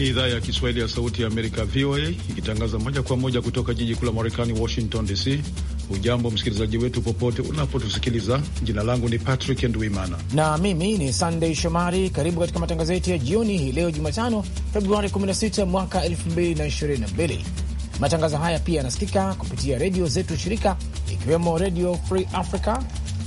ni idhaa ya Kiswahili ya Sauti ya Amerika, VOA, ikitangaza moja kwa moja kutoka jiji kuu la Marekani, Washington DC. Ujambo msikilizaji wetu popote unapotusikiliza. Jina langu ni Patrick Ndwimana na mimi ni Sandey Shomari. Karibu katika matangazo yetu ya jioni hii leo Jumatano, Februari 16 mwaka 2022. Matangazo haya pia yanasikika kupitia redio zetu shirika, ikiwemo Redio Free Africa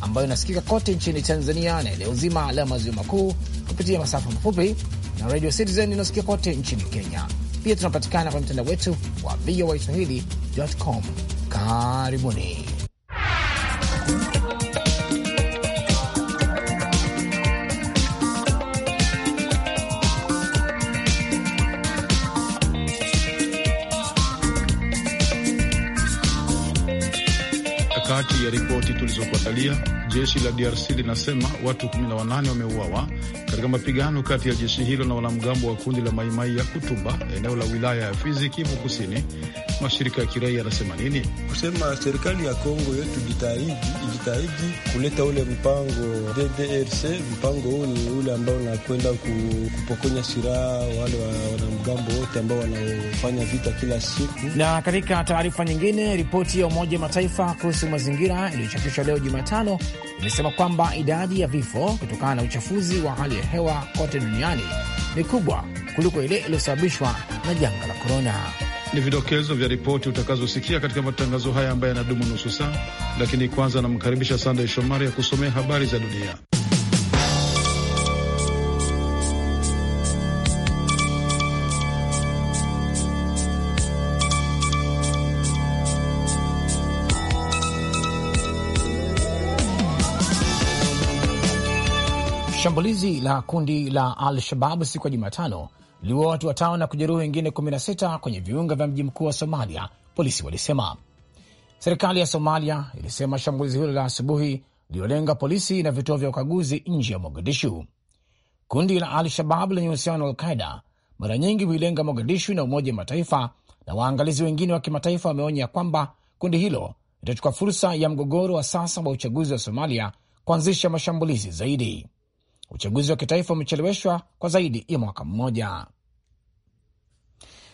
ambayo inasikika kote nchini Tanzania na eneo zima la maziwa makuu kupitia masafa mafupi na Radio Citizen inasikia kote nchini Kenya. Pia tunapatikana kwenye mtandao wetu wa VOA Swahili.com. Karibuni. Kati ya ripoti tulizokuandalia, jeshi la DRC linasema watu 18 wameuawa katika mapigano kati ya jeshi hilo na wanamgambo wa kundi la Maimai ya Kutuba eneo la wilaya ya Fizi, Kivu Kusini, mashirika ya kiraia yanasema nini? Kusema serikali ya Kongo yetu jitahidi ijitahidi kuleta ule mpango DDRC. Mpango huu ni ule ambao unakwenda kupokonya silaha wale wanamgambo wote ambao wanaofanya vita kila siku. Na katika taarifa nyingine, ripoti ya Umoja Mataifa kuhusu mazingira iliyochapishwa leo Jumatano imesema kwamba idadi ya vifo kutokana na uchafuzi wa hali ya hewa kote duniani ni kubwa kuliko ile iliyosababishwa na janga la korona. Ni vidokezo vya ripoti utakazosikia katika matangazo haya ambayo yanadumu nusu saa, lakini kwanza namkaribisha Sandey Shomari ya kusomea habari za dunia. Shambulizi la kundi la Al Shabab siku ya Jumatano liwa watu watano na kujeruhi wengine 16 kwenye viunga vya mji mkuu wa Somalia, polisi walisema. Serikali ya Somalia ilisema shambulizi hilo la asubuhi liliolenga polisi na vituo vya ukaguzi nje ya Mogadishu. Kundi la Al-Shabab lenye uhusiano na Alqaida mara nyingi huilenga Mogadishu na Umoja wa Mataifa, na waangalizi wengine wa kimataifa wameonya kwamba kundi hilo litachukua fursa ya mgogoro wa sasa wa uchaguzi wa Somalia kuanzisha mashambulizi zaidi. Uchaguzi wa kitaifa umecheleweshwa kwa zaidi ya mwaka mmoja.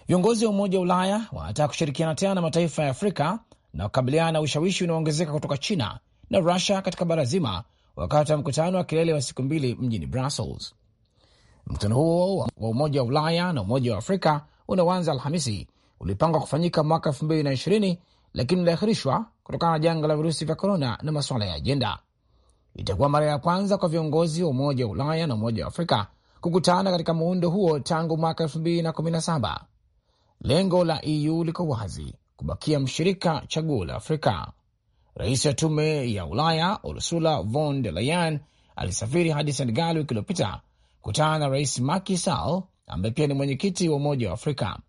Viongozi wa Umoja wa Ulaya wanataka kushirikiana tena na mataifa ya Afrika na kukabiliana na ushawishi unaoongezeka kutoka China na Rusia katika bara zima, wakati wa mkutano wa kilele wa siku mbili mjini Brussels. Mkutano huo wa Umoja wa Ulaya na Umoja wa Afrika unaoanza Alhamisi ulipangwa kufanyika mwaka elfu mbili na ishirini lakini uliahirishwa kutokana na janga la virusi vya korona na masuala ya ajenda. Itakuwa mara ya kwanza kwa viongozi wa Umoja wa Ulaya na Umoja wa Afrika kukutana katika muundo huo tangu mwaka 2017. Lengo la EU liko wazi, kubakia mshirika chaguo la Afrika. Rais wa Tume ya Ulaya Ursula von der Leyen alisafiri hadi Senegal wiki iliyopita kutana na Rais Macky Sall ambaye pia ni mwenyekiti wa Umoja wa Afrika.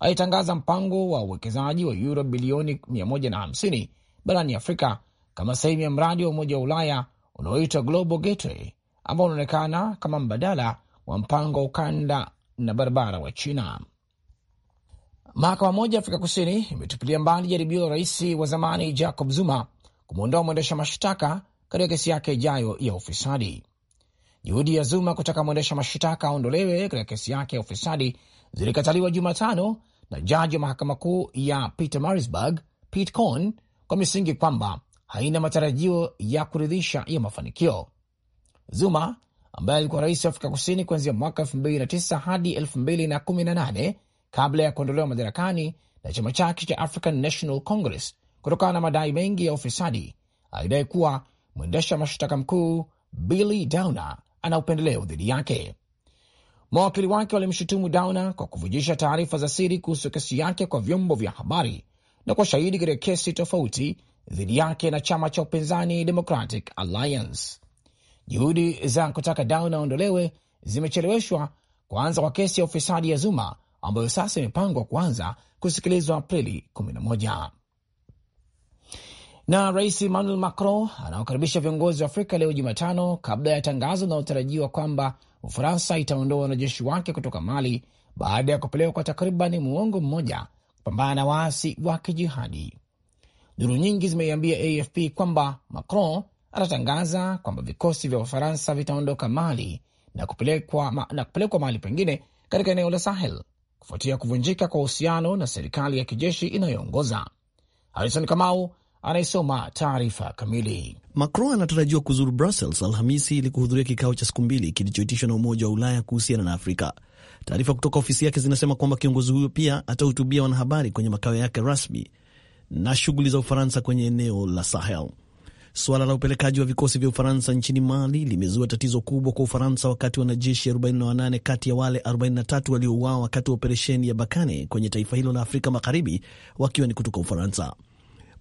Alitangaza mpango wa uwekezaji wa yuro bilioni 150 barani Afrika kama sehemu ya mradi wa Umoja wa Ulaya unaoitwa Global Gateway ambao unaonekana kama mbadala wa mpango wa ukanda na barabara wa China. Mahakama moja Afrika Kusini imetupilia mbali jaribio la rais wa zamani Jacob Zuma kumwondoa mwendesha mashtaka katika kesi yake ijayo ya ufisadi. Juhudi ya Zuma kutaka mwendesha mashtaka aondolewe katika kesi yake ya ufisadi zilikataliwa Jumatano na jaji wa mahakama kuu ya marisburg Pete Cohen kwa misingi kwamba haina matarajio ya kuridhisha ya mafanikio. Zuma ambaye alikuwa rais wa Afrika Kusini kuanzia mwaka 2009 hadi 2018 kabla ya kuondolewa madarakani na chama chake cha African National Congress kutokana na madai mengi ya ufisadi, alidai kuwa mwendesha mashtaka mkuu Billy Downer ana upendeleo dhidi yake. Mawakili wake walimshutumu Downer kwa kuvujisha taarifa za siri kuhusu kesi yake kwa vyombo vya habari na kwa shahidi katika kesi tofauti dhidi yake na chama cha upinzani Democratic Alliance. Juhudi za kutaka Down aondolewe zimecheleweshwa kuanza kwa kesi ya ufisadi ya Zuma ambayo sasa imepangwa kuanza kusikilizwa Aprili 11. Na Rais Emmanuel Macron anaokaribisha viongozi wa Afrika leo Jumatano, kabla ya tangazo linalotarajiwa kwamba Ufaransa itaondoa wanajeshi wake kutoka Mali baada ya kupelekwa kwa takriban muongo mmoja kupambana na waasi wa kijihadi. Duru nyingi zimeiambia AFP kwamba Macron anatangaza kwamba vikosi vya Ufaransa vitaondoka Mali na kupelekwa, na kupelekwa mahali pengine katika eneo la Sahel kufuatia kuvunjika kwa uhusiano na serikali ya kijeshi inayoongoza. Harison Kamau anaisoma taarifa kamili. Macron anatarajiwa kuzuru Brussels Alhamisi ili kuhudhuria kikao cha siku mbili kilichoitishwa na Umoja wa Ulaya kuhusiana na Afrika. Taarifa kutoka ofisi yake zinasema kwamba kiongozi huyo pia atahutubia wanahabari kwenye makao yake rasmi na shughuli za Ufaransa kwenye eneo la Sahel. Suala la upelekaji wa vikosi vya Ufaransa nchini Mali limezua tatizo kubwa kwa Ufaransa, wakati wanajeshi 48 kati ya wale 43 waliouawa wakati wa operesheni ya Bakane kwenye taifa hilo la Afrika Magharibi wakiwa ni kutoka Ufaransa.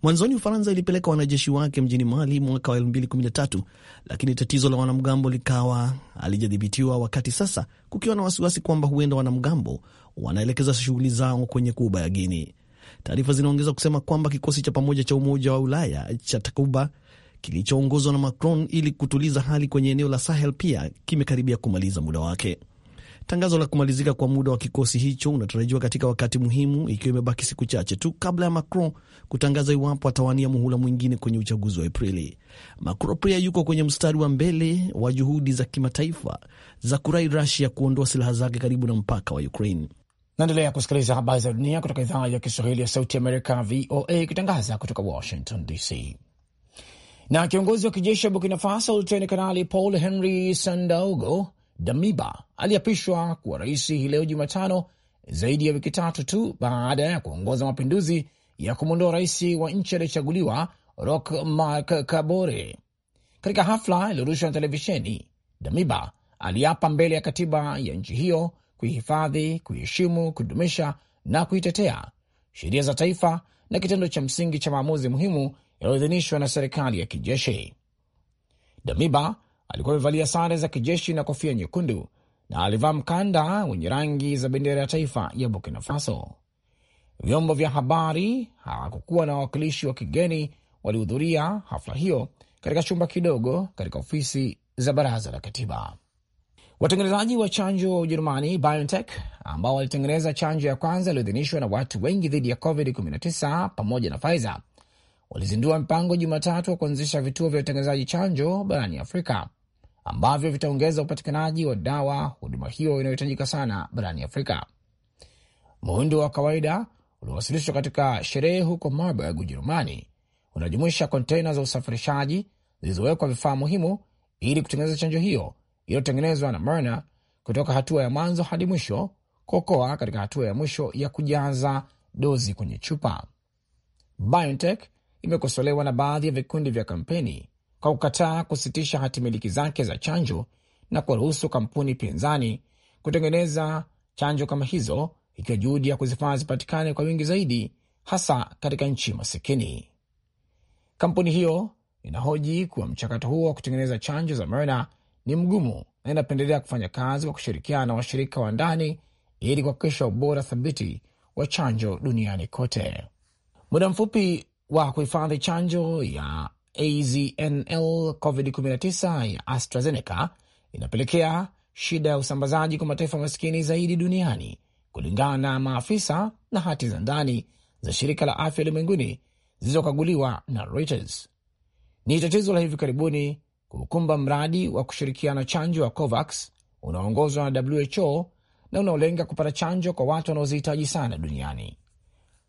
Mwanzoni Ufaransa ilipeleka wanajeshi wake mjini Mali mwaka wa 2013 lakini tatizo la wanamgambo likawa halijadhibitiwa, wakati sasa kukiwa na wasiwasi kwamba huenda wanamgambo wanaelekeza shughuli zao kwenye kuba ya Guinea. Taarifa zinaongeza kusema kwamba kikosi cha pamoja cha Umoja wa Ulaya cha Takuba kilichoongozwa na Macron ili kutuliza hali kwenye eneo la Sahel pia kimekaribia kumaliza muda wake. Tangazo la kumalizika kwa muda wa kikosi hicho unatarajiwa katika wakati muhimu, ikiwa imebaki siku chache tu kabla ya Macron kutangaza iwapo atawania muhula mwingine kwenye uchaguzi wa Aprili. Macron pia yuko kwenye mstari wa mbele wa juhudi za kimataifa za kurai rasia kuondoa silaha zake karibu na mpaka wa Ukraine. Naendelea kusikiliza habari za dunia kutoka idhaa ya Kiswahili ya Sauti Amerika, VOA, ikitangaza kutoka Washington DC. Na kiongozi wa kijeshi wa Burkina Faso, Luteni Kanali Paul Henry Sandaogo Damiba aliapishwa kuwa rais hii leo Jumatano, zaidi ya wiki tatu tu baada ya kuongoza mapinduzi ya kumwondoa rais wa nchi aliyechaguliwa Roch Marc Kabore. Katika hafla iliyorushwa na televisheni, Damiba aliapa mbele ya katiba ya nchi hiyo kuihifadhi, kuiheshimu kudumisha na kuitetea sheria za taifa na kitendo cha msingi cha maamuzi muhimu yaliyoidhinishwa na serikali ya kijeshi. Damiba alikuwa amevalia sare za kijeshi na kofia nyekundu na alivaa mkanda wenye rangi za bendera ya taifa ya Burkina Faso. Vyombo vya habari hawakukuwa na wawakilishi wa kigeni walihudhuria hafla hiyo katika chumba kidogo katika ofisi za baraza la katiba. Watengenezaji wa chanjo wa Ujerumani BioNTech ambao walitengeneza chanjo ya kwanza iliyoidhinishwa na watu wengi dhidi ya COVID-19 pamoja na Pfizer walizindua mpango Jumatatu wa kuanzisha vituo vya utengenezaji chanjo barani Afrika ambavyo vitaongeza upatikanaji wa dawa, huduma hiyo inayohitajika sana barani Afrika. Muundo wa kawaida uliowasilishwa katika sherehe huko Marburg, Ujerumani, unajumuisha konteina za usafirishaji zilizowekwa vifaa muhimu ili kutengeneza chanjo hiyo iliyotengenezwa na Myrna kutoka hatua ya mwanzo hadi mwisho, kuokoa katika hatua ya mwisho ya kujaza dozi kwenye chupa. BioNTech imekosolewa na baadhi ya vikundi vya kampeni kwa kukataa kusitisha hatimiliki zake za chanjo na kuwaruhusu kampuni pinzani kutengeneza chanjo kama hizo, ikiwa juhudi ya kuzifanya zipatikane kwa wingi zaidi, hasa katika nchi masikini. Kampuni hiyo inahoji kuwa mchakato huo wa kutengeneza chanjo za Merna ni mgumu na inapendelea kufanya kazi kwa kushirikiana na washirika wa ndani ili kuhakikisha ubora thabiti wa chanjo duniani kote. Muda mfupi wa kuhifadhi chanjo ya AZNL COVID-19 ya AstraZeneca inapelekea shida ya usambazaji kwa mataifa maskini zaidi duniani, kulingana na maafisa na hati za ndani za shirika la afya ulimwenguni zilizokaguliwa na Reuters. Ni tatizo la hivi karibuni kuukumba mradi wa kushirikiana chanjo wa COVAX unaoongozwa na WHO na unaolenga kupata chanjo kwa watu wanaozihitaji sana duniani.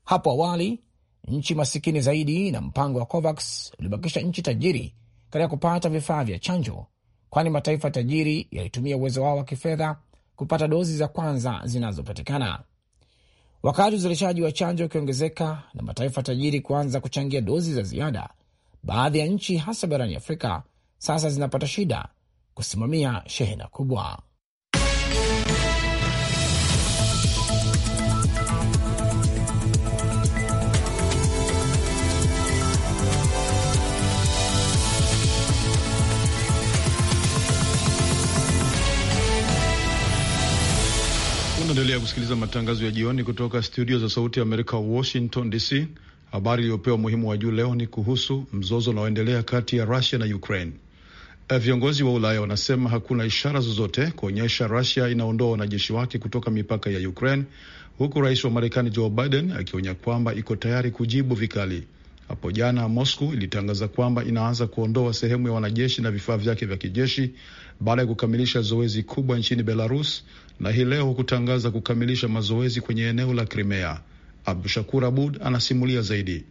Hapo awali nchi masikini zaidi na mpango wa COVAX ulibakisha nchi tajiri katika kupata vifaa vya chanjo, kwani mataifa tajiri yalitumia uwezo wao wa kifedha kupata dozi za kwanza zinazopatikana. Wakati uzalishaji wa chanjo ukiongezeka na mataifa tajiri kuanza kuchangia dozi za ziada, baadhi ya nchi hasa barani Afrika sasa zinapata shida kusimamia shehena kubwa. Unaendelea kusikiliza matangazo ya jioni kutoka studio za Sauti ya Amerika, Washington DC. Habari iliyopewa umuhimu wa juu leo ni kuhusu mzozo unaoendelea kati ya Rusia na Ukraine. Eh, viongozi wa Ulaya wanasema hakuna ishara zozote kuonyesha Rusia inaondoa wanajeshi wake kutoka mipaka ya Ukraine, huku rais wa Marekani Joe Biden akionya kwamba iko tayari kujibu vikali. Hapo jana Moscow ilitangaza kwamba inaanza kuondoa sehemu ya wanajeshi na vifaa vyake vya kijeshi baada ya kukamilisha zoezi kubwa nchini Belarus na hii leo kutangaza kukamilisha mazoezi kwenye eneo la Crimea. Abdushakur Abud anasimulia zaidi.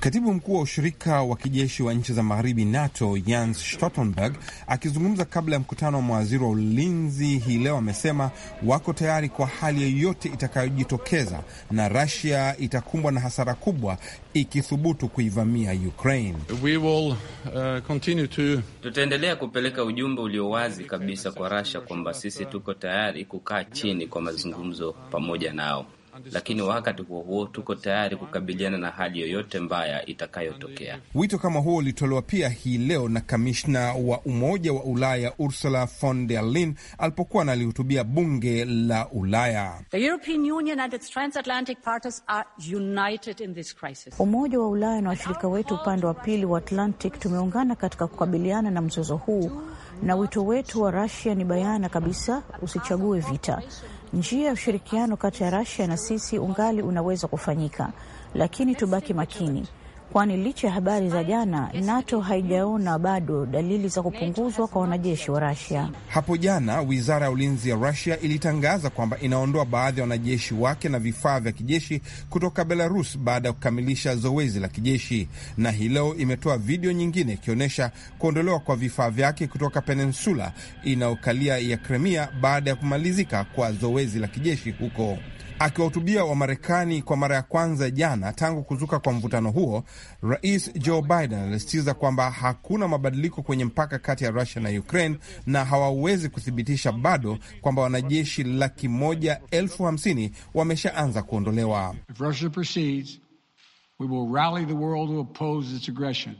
Katibu mkuu wa ushirika wa kijeshi wa nchi za magharibi NATO Jens Stoltenberg akizungumza kabla ya mkutano wa mawaziri wa ulinzi hii leo amesema wako tayari kwa hali yoyote itakayojitokeza na Russia itakumbwa na hasara kubwa ikithubutu kuivamia Ukraine. We will, uh, continue to... tutaendelea kupeleka ujumbe ulio wazi kabisa kwa Russia kwamba sisi tuko tayari kukaa chini kwa mazungumzo pamoja nao lakini wakati huo huo tuko tayari kukabiliana na hali yoyote mbaya itakayotokea. Wito kama huo ulitolewa pia hii leo na kamishna wa Umoja wa Ulaya Ursula von der Leyen alipokuwa analihutubia bunge la Ulaya. Umoja wa Ulaya na washirika wetu upande wa pili wa Atlantic tumeungana katika kukabiliana na mzozo huu, na wito wetu wa rasia ni bayana kabisa: usichague vita Njia ya ushirikiano kati ya Rasia na sisi ungali unaweza kufanyika, lakini tubaki makini kwani licha ya habari za jana, NATO haijaona bado dalili za kupunguzwa kwa wanajeshi wa Rasia. Hapo jana, wizara ya ulinzi ya Rasia ilitangaza kwamba inaondoa baadhi ya wanajeshi wake na vifaa vya kijeshi kutoka Belarus baada ya kukamilisha zoezi la kijeshi, na hii leo imetoa video nyingine ikionyesha kuondolewa kwa vifaa vyake kutoka peninsula inayokalia ya Kremia baada ya kumalizika kwa zoezi la kijeshi huko. Akiwahutubia Wamarekani kwa mara ya kwanza jana tangu kuzuka kwa mvutano huo, Rais Joe Biden alisisitiza kwamba hakuna mabadiliko kwenye mpaka kati ya Rusia na Ukraine na hawawezi kuthibitisha bado kwamba wanajeshi laki moja elfu hamsini wameshaanza kuondolewa If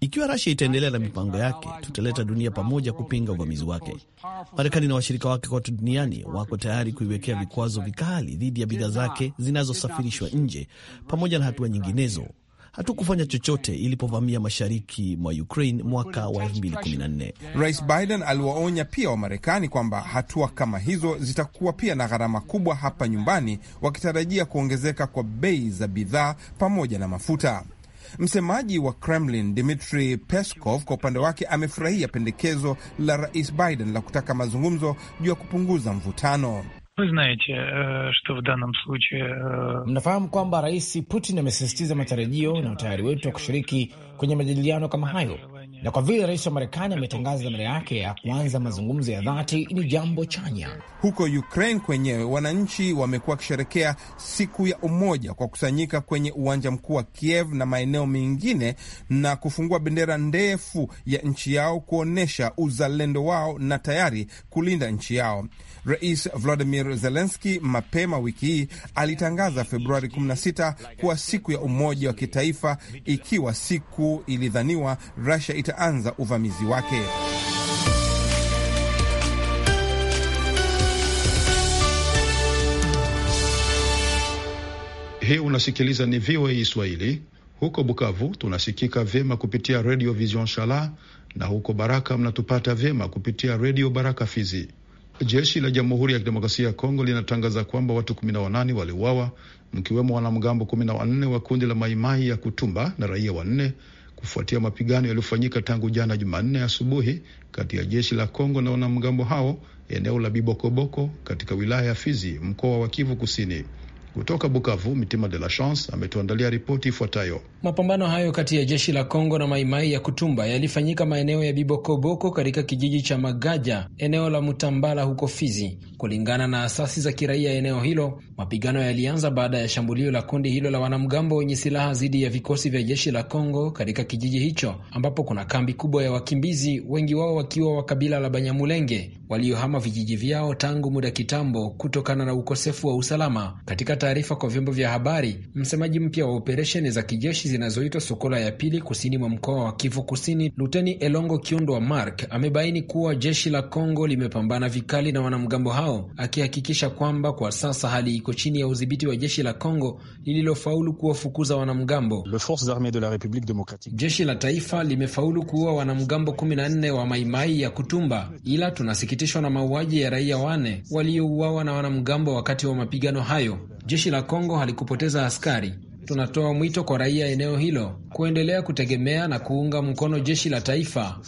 ikiwa Rasia itaendelea na mipango yake, tutaleta dunia pamoja kupinga uvamizi wake. Marekani na washirika wake kote duniani wako tayari kuiwekea vikwazo vikali dhidi ya bidhaa zake zinazosafirishwa nje, pamoja na hatua nyinginezo. Hatukufanya chochote ilipovamia mashariki mwa Ukraine mwaka wa 2014. Rais Biden aliwaonya pia Wamarekani kwamba hatua kama hizo zitakuwa pia na gharama kubwa hapa nyumbani, wakitarajia kuongezeka kwa bei za bidhaa pamoja na mafuta. Msemaji wa Kremlin Dmitri Peskov kwa upande wake amefurahia pendekezo la Rais Biden la kutaka mazungumzo juu ya kupunguza mvutano. Э, э, Mnafahamu kwamba Rais Putin amesisitiza matarajio na utayari wetu wa kushiriki kwenye majadiliano kama hayo na kwa vile rais wa Marekani ametangaza dhamira yake ya kuanza mazungumzo ya dhati ni jambo chanya. Huko Ukraine kwenyewe wananchi wamekuwa wakisherekea siku ya umoja kwa kusanyika kwenye uwanja mkuu wa Kiev na maeneo mengine na kufungua bendera ndefu ya nchi yao kuonyesha uzalendo wao na tayari kulinda nchi yao. Rais Vladimir zelenski mapema wiki hii alitangaza Februari 16 kuwa siku ya umoja wa kitaifa, ikiwa siku ilidhaniwa Rusia ita itaanza uvamizi wake. Hii unasikiliza ni VOA Swahili. Huko Bukavu tunasikika vyema kupitia Radio Vision Shala, na huko Baraka mnatupata vyema kupitia Radio Baraka Fizi. Jeshi la Jamhuri ya Kidemokrasia ya Kongo linatangaza kwamba watu 18 waliuawa mkiwemo wanamgambo 14 wa kundi la Maimai ya Kutumba na raia wanne kufuatia mapigano yaliyofanyika tangu jana Jumanne asubuhi kati ya jeshi la Kongo na wanamgambo hao eneo la Bibokoboko katika wilaya ya Fizi, mkoa wa Kivu Kusini. Kutoka Bukavu, Mitima de la Chance ametuandalia ripoti ifuatayo. Mapambano hayo kati ya jeshi la Kongo na Maimai ya Kutumba yalifanyika maeneo ya Bibokoboko katika kijiji cha Magaja, eneo la Mutambala huko Fizi. Kulingana na asasi za kiraia eneo hilo, mapigano yalianza baada ya shambulio la kundi hilo la wanamgambo wenye silaha dhidi ya vikosi vya jeshi la Kongo katika kijiji hicho ambapo kuna kambi kubwa ya wakimbizi, wengi wao wakiwa wa kabila la Banyamulenge waliohama vijiji vyao tangu muda kitambo kutokana na ukosefu wa usalama. Katika taarifa kwa vyombo vya habari, msemaji mpya wa operesheni za kijeshi zinazoitwa Sokola ya pili kusini mwa mkoa wa Kivu Kusini, Luteni Elongo Kiundwa Mark amebaini kuwa jeshi la Kongo limepambana vikali na wanamgambo hao yao, akihakikisha kwamba kwa sasa hali iko chini ya udhibiti wa jeshi la Kongo lililofaulu kuwafukuza wanamgambo. Jeshi la taifa limefaulu kuua wanamgambo 14 wa Maimai ya Kutumba, ila tunasikitishwa na mauaji ya raia wane waliouawa na wanamgambo wakati wa mapigano hayo. Jeshi la Kongo halikupoteza askari Tunatoa mwito kwa raia eneo hilo kuendelea kutegemea na kuunga mkono jeshi la taifa.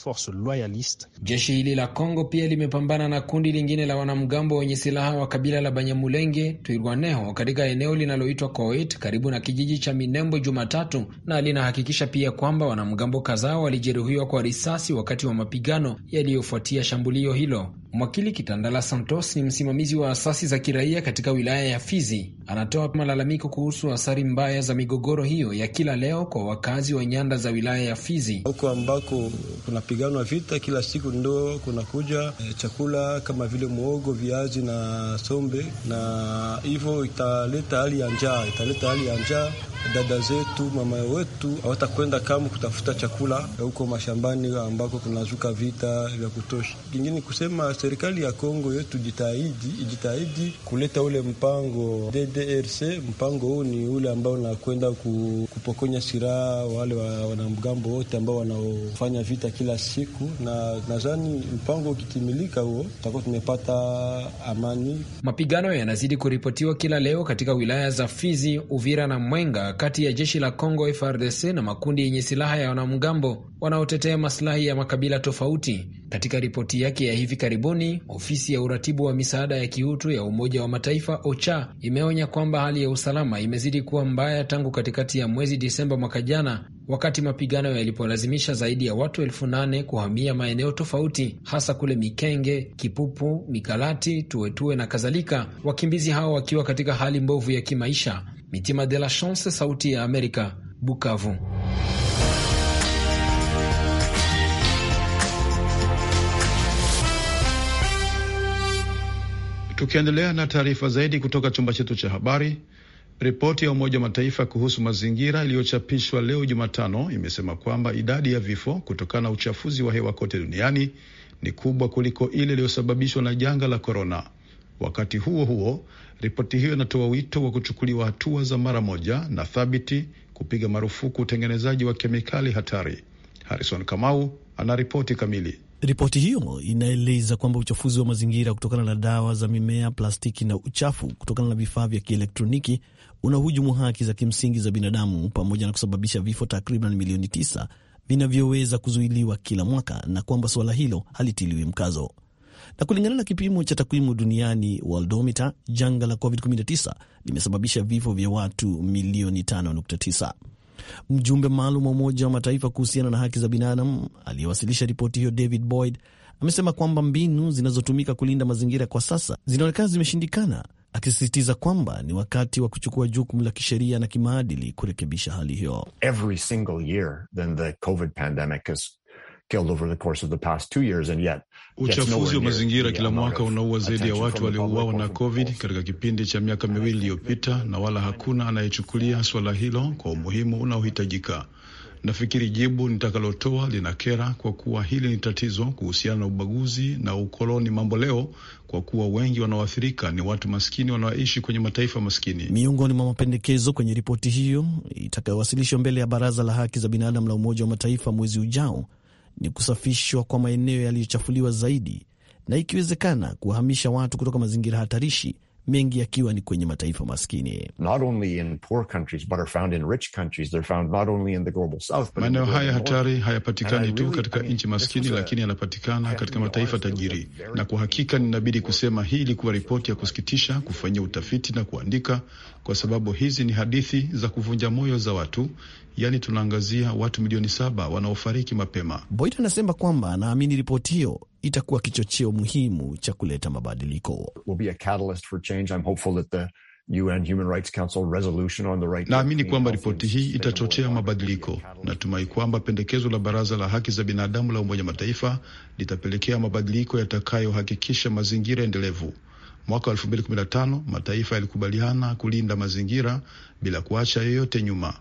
Jeshi hili la Kongo pia limepambana na kundi lingine la wanamgambo wenye silaha wa kabila la Banyamulenge Twirwaneho katika eneo linaloitwa Koit karibu na kijiji cha Minembo Jumatatu, na linahakikisha pia kwamba wanamgambo kadhaa walijeruhiwa kwa risasi wakati wa mapigano yaliyofuatia shambulio hilo. Mwakili Kitandala Santos ni msimamizi wa asasi za kiraia katika wilaya ya Fizi, anatoa malalamiko kuhusu athari mbaya za migogoro hiyo ya kila leo kwa wakazi wa nyanda za wilaya ya Fizi, huko ambako kunapiganwa vita kila siku, ndo kunakuja e, chakula kama vile muogo, viazi na sombe, na hivyo italeta hali ya njaa, italeta hali ya njaa dada zetu, mama wetu hawatakwenda kama kutafuta chakula huko mashambani ambako kunazuka vita vya kutosha. Kingine kusema serikali ya Kongo yetu jitahidi ijitahidi kuleta ule mpango DDRC. Mpango huu ni ule ambao unakwenda kupokonya silaha wale wanamgambo wote ambao wanaofanya vita kila siku, na nadhani mpango ukitimilika huo tutakuwa tumepata amani. Mapigano yanazidi kuripotiwa kila leo katika wilaya za Fizi, Uvira na Mwenga kati ya jeshi la Congo FRDC na makundi yenye silaha ya wanamgambo wanaotetea masilahi ya makabila tofauti. Katika ripoti yake ya hivi karibuni, ofisi ya uratibu wa misaada ya kiutu ya Umoja wa Mataifa OCHA imeonya kwamba hali ya usalama imezidi kuwa mbaya tangu katikati ya mwezi Disemba mwaka jana, wakati mapigano yalipolazimisha zaidi ya watu elfu nane kuhamia maeneo tofauti, hasa kule Mikenge, Kipupu, Mikalati, Tuwetue na kadhalika, wakimbizi hao wakiwa katika hali mbovu ya kimaisha. Mitima de la Chance, Sauti ya Amerika, Bukavu. Tukiendelea na taarifa zaidi kutoka chumba chetu cha habari, ripoti ya Umoja wa Mataifa kuhusu mazingira iliyochapishwa leo Jumatano imesema kwamba idadi ya vifo kutokana na uchafuzi wa hewa kote duniani ni kubwa kuliko ile iliyosababishwa na janga la korona. Wakati huo huo, Ripoti hiyo inatoa wito wa kuchukuliwa hatua za mara moja na thabiti kupiga marufuku utengenezaji wa kemikali hatari. Harrison Kamau ana ripoti kamili. Ripoti hiyo inaeleza kwamba uchafuzi wa mazingira kutokana na dawa za mimea, plastiki na uchafu kutokana na vifaa vya kielektroniki unahujumu haki za kimsingi za binadamu pamoja na kusababisha vifo takriban milioni tisa vinavyoweza kuzuiliwa kila mwaka na kwamba suala hilo halitiliwi mkazo na kulingana na kipimo cha takwimu duniani Worldometer, janga la COVID-19 limesababisha vifo vya watu milioni 5.9. Mjumbe maalum wa Umoja wa Mataifa kuhusiana na haki za binadamu aliyewasilisha ripoti hiyo David Boyd amesema kwamba mbinu zinazotumika kulinda mazingira kwa sasa zinaonekana zimeshindikana, akisisitiza kwamba ni wakati wa kuchukua jukumu la kisheria na kimaadili kurekebisha hali hiyo. Every single year then the COVID pandemic has killed over the course of the past two years and yet uchafuzi wa mazingira kila mwaka unaua zaidi ya watu waliouawa na COVID katika kipindi cha miaka miwili iliyopita, na wala hakuna anayechukulia swala hilo kwa umuhimu unaohitajika. Nafikiri jibu nitakalotoa lina kera, kwa kuwa hili ni tatizo kuhusiana na ubaguzi na ukoloni mambo leo, kwa kuwa wengi wanaoathirika ni watu maskini wanaoishi kwenye mataifa maskini. Miongoni mwa mapendekezo kwenye ripoti hiyo itakayowasilishwa mbele ya Baraza la Haki za Binadamu la Umoja wa Mataifa mwezi ujao ni kusafishwa kwa maeneo yaliyochafuliwa zaidi na ikiwezekana kuwahamisha watu kutoka mazingira hatarishi, mengi yakiwa ni kwenye mataifa maskini. Maeneo haya hatari hayapatikani tu katika nchi maskini lakini yanapatikana katika mataifa tajiri, na kwa hakika ninabidi kusema hii ilikuwa ripoti ya kusikitisha kufanyia utafiti na kuandika, kwa sababu hizi ni hadithi za kuvunja moyo za watu yaani tunaangazia watu milioni saba wanaofariki mapema. Boyd anasema kwamba anaamini ripoti hiyo itakuwa kichocheo muhimu cha kuleta mabadiliko. Right, naamini kwamba ripoti hii itachochea mabadiliko. Natumai kwamba pendekezo la Baraza la Haki za Binadamu la Umoja Mataifa litapelekea mabadiliko yatakayohakikisha mazingira endelevu. Mwaka 2015 mataifa yalikubaliana kulinda mazingira bila kuacha yoyote nyuma.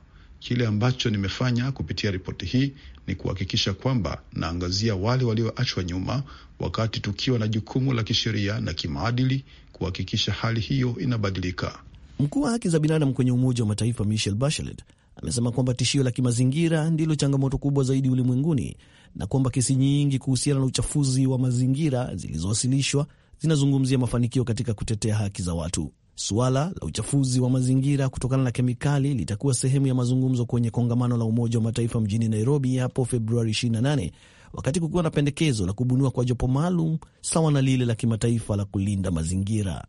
Kile ambacho nimefanya kupitia ripoti hii ni kuhakikisha kwamba naangazia wale walioachwa nyuma, wakati tukiwa na jukumu la kisheria na kimaadili kuhakikisha hali hiyo inabadilika. Mkuu wa haki za binadamu kwenye Umoja wa Mataifa Michel Bachelet amesema kwamba tishio la kimazingira ndilo changamoto kubwa zaidi ulimwenguni na kwamba kesi nyingi kuhusiana na uchafuzi wa mazingira zilizowasilishwa zinazungumzia mafanikio katika kutetea haki za watu. Suala la uchafuzi wa mazingira kutokana na kemikali litakuwa sehemu ya mazungumzo kwenye kongamano la Umoja wa Mataifa mjini Nairobi hapo Februari 28 wakati kukiwa na pendekezo la kubuniwa kwa jopo maalum sawa na lile la kimataifa la kulinda mazingira.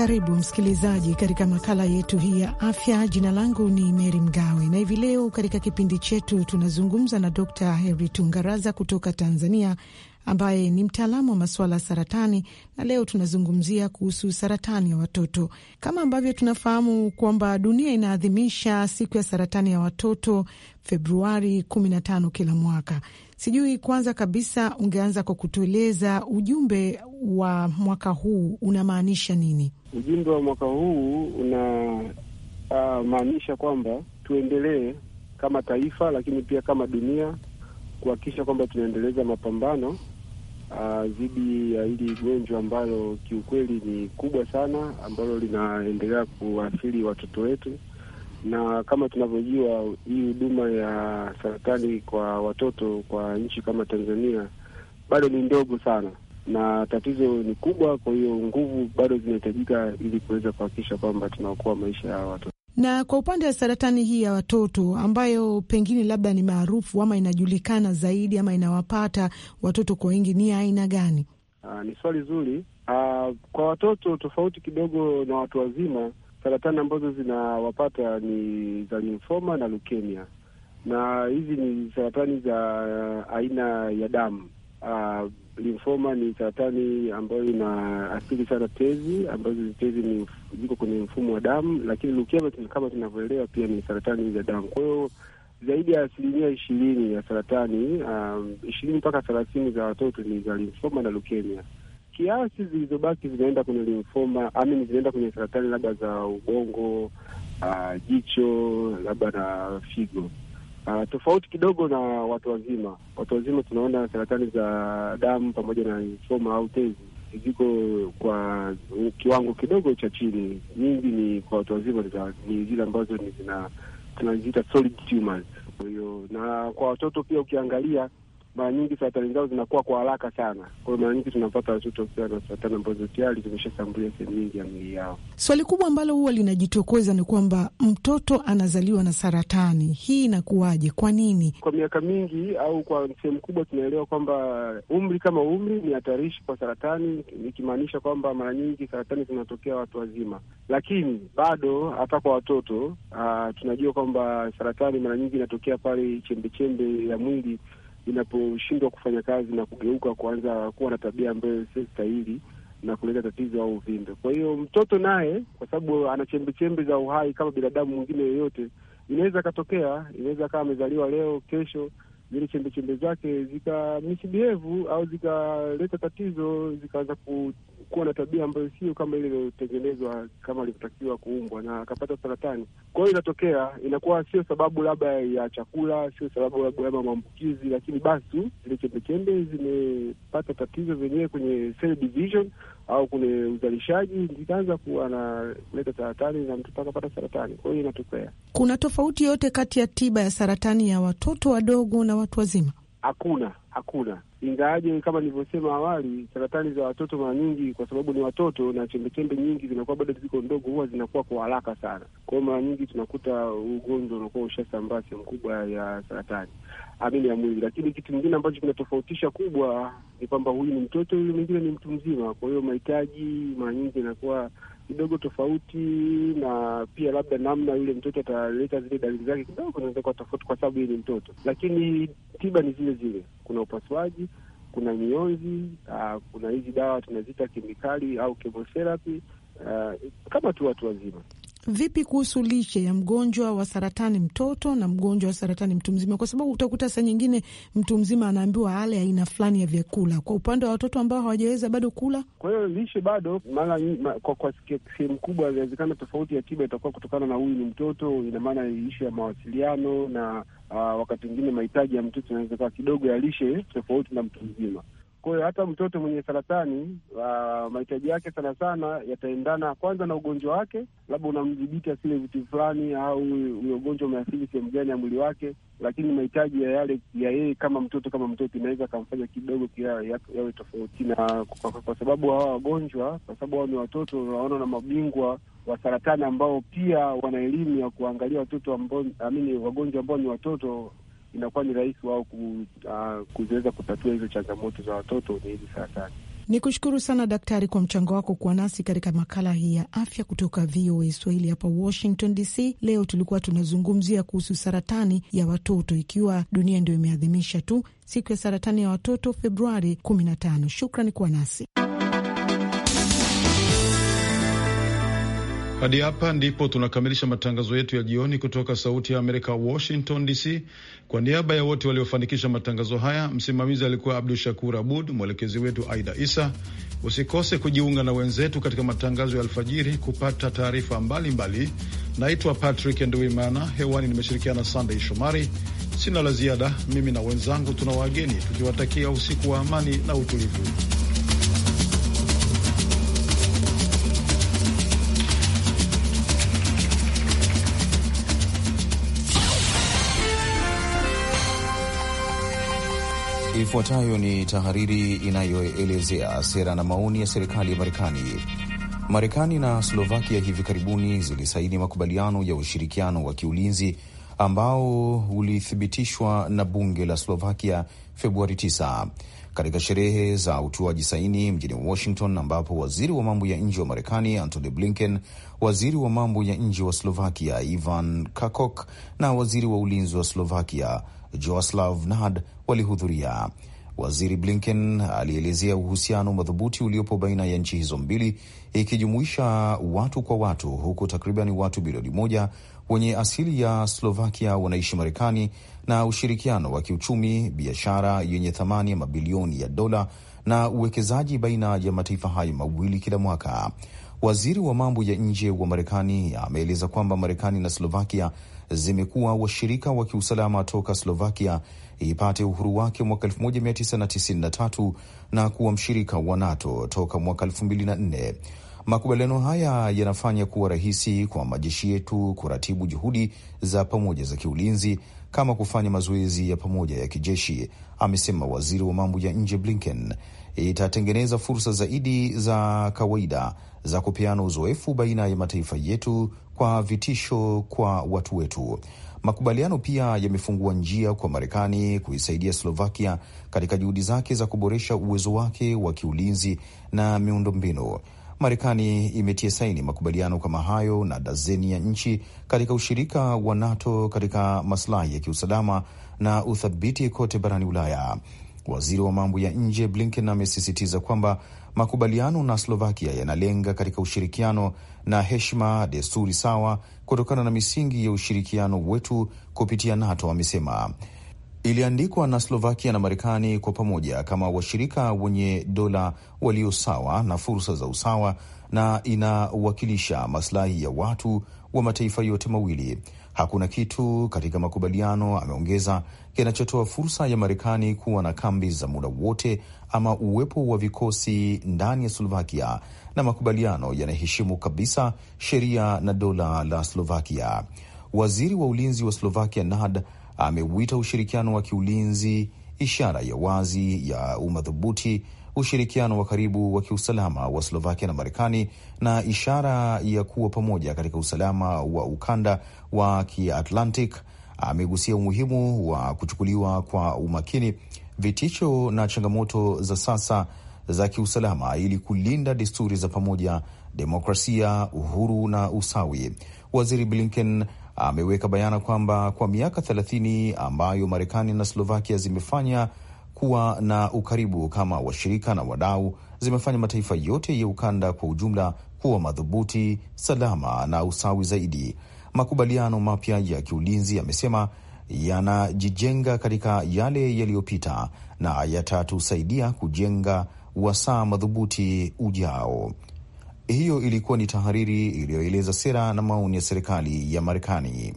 Karibu msikilizaji katika makala yetu hii ya afya. Jina langu ni Meri Mgawe, na hivi leo katika kipindi chetu tunazungumza na Dr Henry Tungaraza kutoka Tanzania, ambaye ni mtaalamu wa masuala ya saratani, na leo tunazungumzia kuhusu saratani ya watoto. Kama ambavyo tunafahamu kwamba dunia inaadhimisha siku ya saratani ya watoto Februari 15 kila mwaka. Sijui kwanza kabisa ungeanza kwa kutueleza ujumbe wa mwaka huu unamaanisha nini? Ujumbe wa mwaka huu unamaanisha ah, uh, kwamba tuendelee kama taifa, lakini pia kama dunia kuhakikisha kwamba tunaendeleza mapambano uh, dhidi ya hili gonjwa ambalo kiukweli ni kubwa sana, ambalo linaendelea kuathiri watoto wetu, na kama tunavyojua hii huduma ya saratani kwa watoto kwa nchi kama Tanzania bado ni ndogo sana na tatizo ni kubwa. Kwa hiyo nguvu bado zinahitajika ili kuweza kuhakikisha kwamba tunaokoa maisha ya watoto. Na kwa upande wa saratani hii ya watoto ambayo pengine labda ni maarufu ama inajulikana zaidi ama inawapata watoto kwa wingi, ni aina gani? Aa, ah, ni swali zuri. Aa, ah, kwa watoto tofauti kidogo na watu wazima, saratani ambazo zinawapata ni za limfoma na leukemia, na hizi ni saratani za aina ya damu. Aa, ah, Limfoma ni saratani ambayo inaathiri sana tezi, ambazo tezi ziko kwenye mfumo wa damu, lakini lukemia kama tunavyoelewa pia ni saratani za damu. Kwa hiyo zaidi ya asilimia ishirini ya saratani um, ishirini um, mpaka thelathini za watoto ni za limfoma na lukemia. Kiasi zilizobaki zinaenda kwenye limfoma amin, zinaenda kwenye saratani labda za ubongo, uh, jicho labda na figo. Uh, tofauti kidogo na watu wazima. Watu wazima tunaona saratani za damu pamoja na lymphoma au tezi ziko kwa kiwango kidogo cha chini, nyingi ni kwa watu wazima, ni zile ambazo ni zina tunaziita solid tumors. Kwa hiyo na kwa watoto pia ukiangalia mara nyingi saratani zao zinakuwa kwa haraka sana. Kwa hiyo mara nyingi tunapata watoto na saratani ambazo tayari zimeshashambulia sehemu nyingi ya mwili yao. Swali kubwa ambalo huwa linajitokeza ni kwamba mtoto anazaliwa na saratani hii, inakuwaje? Kwa nini? Kwa miaka mingi au kwa sehemu kubwa tunaelewa kwamba umri kama umri ni hatarishi kwa saratani, ikimaanisha kwamba mara nyingi saratani zinatokea watu wazima, lakini bado hata kwa watoto ah, tunajua kwamba saratani mara nyingi inatokea pale chembechembe ya mwili inaposhindwa kufanya kazi na kugeuka kuanza kuwa na tabia ambayo sio stahili na kuleta tatizo au uvimbe. Kwa hiyo mtoto naye, kwa sababu ana chembechembe za uhai kama binadamu mwingine yoyote, inaweza akatokea, inaweza akawa amezaliwa leo, kesho zile chembechembe zake zika zikamisbievu au zikaleta tatizo, zikaanza ku, kuwa na tabia ambayo sio kama ile iliyotengenezwa kama alivyotakiwa kuumbwa, na akapata saratani. Kwa hiyo inatokea, inakuwa sio sababu labda ya chakula, sio sababu labda ya maambukizi, lakini basi zile chembechembe zimepata tatizo zenyewe kwenye cell division au kuna uzalishaji likaanza kuwa na kuleta saratani na mtu pata saratani. Kwa hiyo inatokea. Kuna tofauti yote kati ya tiba ya saratani ya watoto wadogo na watu wazima? Hakuna, hakuna ingawaje, kama nilivyosema awali, saratani za watoto mara nyingi, kwa sababu ni watoto na chembechembe nyingi zinakuwa bado ziko ndogo, huwa zinakuwa kwa haraka sana. Kwa hiyo mara nyingi tunakuta ugonjwa unakuwa ushasambaa sehemu kubwa ya saratani amini ya mwili. Lakini kitu kingine ambacho kinatofautisha kubwa ni kwamba huyu ni mtoto, huyu mwingine ni mtu mzima. Kwa hiyo mahitaji mara nyingi inakuwa kidogo tofauti, na pia labda namna yule mtoto ataleta zile dalili zake kidogo inaweza kuwa tofauti, kwa sababu yeye ni mtoto, lakini tiba ni zile zile. Kuna upasuaji, kuna mionzi, uh, kuna hizi dawa tunazita kemikali au chemotherapy, uh, kama tu watu wazima. Vipi kuhusu lishe ya mgonjwa wa saratani mtoto na mgonjwa wa saratani mtu mzima? Kwa sababu utakuta saa nyingine mtu mzima anaambiwa ale aina fulani ya vyakula, kwa upande wa watoto ambao hawajaweza bado kula. Kwa hiyo lishe bado mara ma, kwa, kwa sehemu kubwa inawezekana tofauti ya tiba itakuwa kutokana na huyu ni mtoto, ina maana lishe ya mawasiliano na uh, wakati mwingine mahitaji ya mtoto inaweza kuwa kidogo ya lishe tofauti na mtu mzima. Kwa hiyo hata mtoto mwenye saratani ah, mahitaji yake sana sana yataendana kwanza na ugonjwa wake, labda unamdhibiti asile vitu fulani, au huyo ugonjwa umeathiri sehemu gani ya mwili wake, lakini mahitaji ya yale ya yeye kama mtoto kama mtoto inaweza akamfanya kidogo yawe tofauti na kwa, kwa, kwa sababu hawa wagonjwa, kwa sababu hawa ni watoto, unaona na mabingwa wa saratani ambao pia wana elimu ya kuangalia watoto ambao, amini wagonjwa ambao ni watoto inakuwa ni rahisi wao ah, kuziweza kutatua hizo changamoto za watoto ni hivi sasa. Ni kushukuru sana daktari kwa mchango wako kuwa nasi katika makala hii ya afya kutoka VOA Swahili hapa Washington DC. Leo tulikuwa tunazungumzia kuhusu saratani ya watoto, ikiwa dunia ndio imeadhimisha tu siku ya saratani ya watoto Februari 15. Shukrani kuwa nasi. Hadi hapa ndipo tunakamilisha matangazo yetu ya jioni kutoka Sauti ya Amerika, Washington DC. Kwa niaba ya wote waliofanikisha matangazo haya, msimamizi alikuwa Abdu Shakur Abud, mwelekezi wetu Aida Isa. Usikose kujiunga na wenzetu katika matangazo ya alfajiri kupata taarifa mbalimbali. Naitwa Patrick Nduimana, hewani nimeshirikiana Sandey Shomari. Sina la ziada, mimi na wenzangu tuna wageni tukiwatakia usiku wa amani na utulivu. Ifuatayo ni tahariri inayoelezea sera na maoni ya serikali ya Marekani. Marekani na Slovakia hivi karibuni zilisaini makubaliano ya ushirikiano wa kiulinzi ambao ulithibitishwa na bunge la Slovakia Februari 9 katika sherehe za utuaji saini mjini Washington, ambapo waziri wa mambo ya nje wa Marekani Antony Blinken, waziri wa mambo ya nje wa Slovakia Ivan Kakok na waziri wa ulinzi wa Slovakia Joaslav Nad walihudhuria. Waziri Blinken alielezea uhusiano madhubuti uliopo baina ya nchi hizo mbili ikijumuisha watu kwa watu, huku takribani watu bilioni moja wenye asili ya Slovakia wanaishi Marekani, na ushirikiano wa kiuchumi, biashara yenye thamani ya mabilioni ya dola na uwekezaji baina ya mataifa hayo mawili kila mwaka. Waziri wa mambo ya nje wa Marekani ameeleza kwamba Marekani na Slovakia zimekuwa washirika wa kiusalama toka Slovakia ipate uhuru wake mwaka 1993 na kuwa mshirika wa NATO toka mwaka 2004. Makubaliano haya yanafanya kuwa rahisi kwa majeshi yetu kuratibu juhudi za pamoja za kiulinzi kama kufanya mazoezi ya pamoja ya kijeshi, amesema waziri wa mambo ya nje Blinken itatengeneza fursa zaidi za kawaida za kupeana uzoefu baina ya mataifa yetu kwa vitisho kwa watu wetu. Makubaliano pia yamefungua njia kwa Marekani kuisaidia Slovakia katika juhudi zake za kuboresha uwezo wake wa kiulinzi na miundombinu. Marekani imetia saini makubaliano kama hayo na dazeni ya nchi katika ushirika wa NATO katika masilahi ya kiusalama na uthabiti kote barani Ulaya. Waziri wa mambo ya nje Blinken amesisitiza kwamba makubaliano na Slovakia yanalenga katika ushirikiano na heshima, desturi sawa, kutokana na misingi ya ushirikiano wetu kupitia NATO. Amesema iliandikwa na Slovakia na Marekani kwa pamoja kama washirika wenye dola walio sawa na fursa za usawa, na inawakilisha maslahi ya watu wa mataifa yote mawili hakuna kitu katika makubaliano, ameongeza, kinachotoa fursa ya Marekani kuwa na kambi za muda wote ama uwepo wa vikosi ndani ya Slovakia, na makubaliano yanaheshimu kabisa sheria na dola la Slovakia. Waziri wa ulinzi wa Slovakia Nad ameuita ushirikiano wa kiulinzi ishara ya wazi ya umadhubuti ushirikiano wa karibu wa kiusalama wa Slovakia na Marekani na ishara ya kuwa pamoja katika usalama wa ukanda wa Kiatlantic. Amegusia umuhimu wa kuchukuliwa kwa umakini vitisho na changamoto za sasa za kiusalama ili kulinda desturi za pamoja, demokrasia, uhuru na usawi. Waziri Blinken ameweka bayana kwamba kwa miaka thelathini ambayo Marekani na Slovakia zimefanya kuwa na ukaribu kama washirika na wadau zimefanya mataifa yote ya ukanda kwa ujumla kuwa madhubuti, salama na usawi zaidi. Makubaliano mapya ya kiulinzi yamesema yanajijenga katika yale yaliyopita na yatatusaidia kujenga wasaa madhubuti ujao. Hiyo ilikuwa ni tahariri iliyoeleza sera na maoni ya serikali ya Marekani.